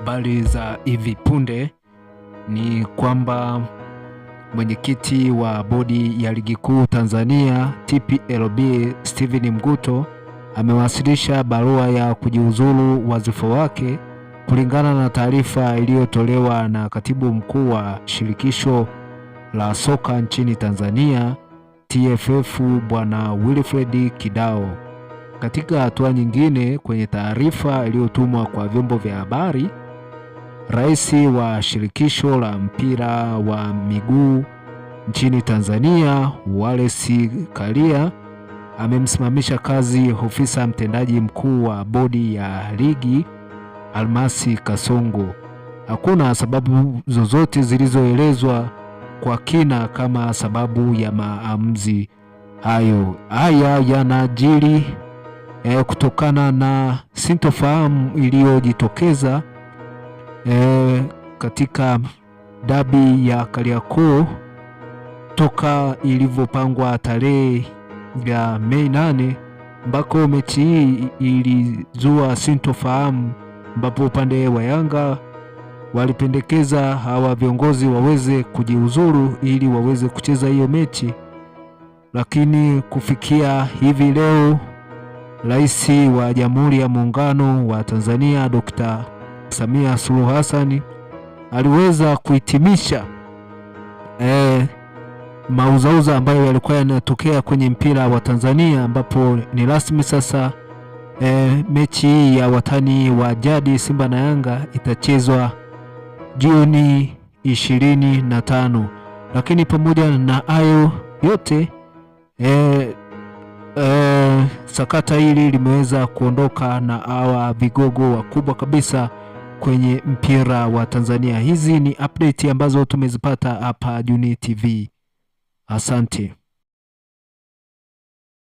habari uh, za hivi punde ni kwamba mwenyekiti wa bodi ya ligi kuu Tanzania TPLB Steven Mguto amewasilisha barua ya kujiuzulu wadhifa wake kulingana na taarifa iliyotolewa na katibu mkuu wa shirikisho la soka nchini Tanzania TFF Bwana Wilfred Kidao. Katika hatua nyingine, kwenye taarifa iliyotumwa kwa vyombo vya habari, Rais wa shirikisho la mpira wa miguu nchini Tanzania, Wallace Karia amemsimamisha kazi ofisa mtendaji mkuu wa bodi ya ligi Almasi Kasongo. Hakuna sababu zozote zilizoelezwa kwa kina kama sababu ya maamuzi hayo. Haya yanajiri e, kutokana na sintofahamu iliyojitokeza e, katika dabi ya Kariakoo toka ilivyopangwa tarehe ya Mei nane ambako mechi hii ilizua sintofahamu, ambapo upande wa Yanga walipendekeza hawa viongozi waweze kujiuzuru ili waweze kucheza hiyo mechi, lakini kufikia hivi leo Rais wa Jamhuri ya Muungano wa Tanzania Dr. Samia Suluhu Hassan aliweza kuhitimisha eh, mauzauza ambayo yalikuwa yanatokea kwenye mpira wa Tanzania, ambapo ni rasmi sasa e, mechi hii ya watani wa jadi Simba na Yanga itachezwa Juni 25. Lakini pamoja na hayo yote e, sakata hili limeweza kuondoka na hawa vigogo wakubwa kabisa kwenye mpira wa Tanzania. Hizi ni update ambazo tumezipata hapa Junii TV. Asante.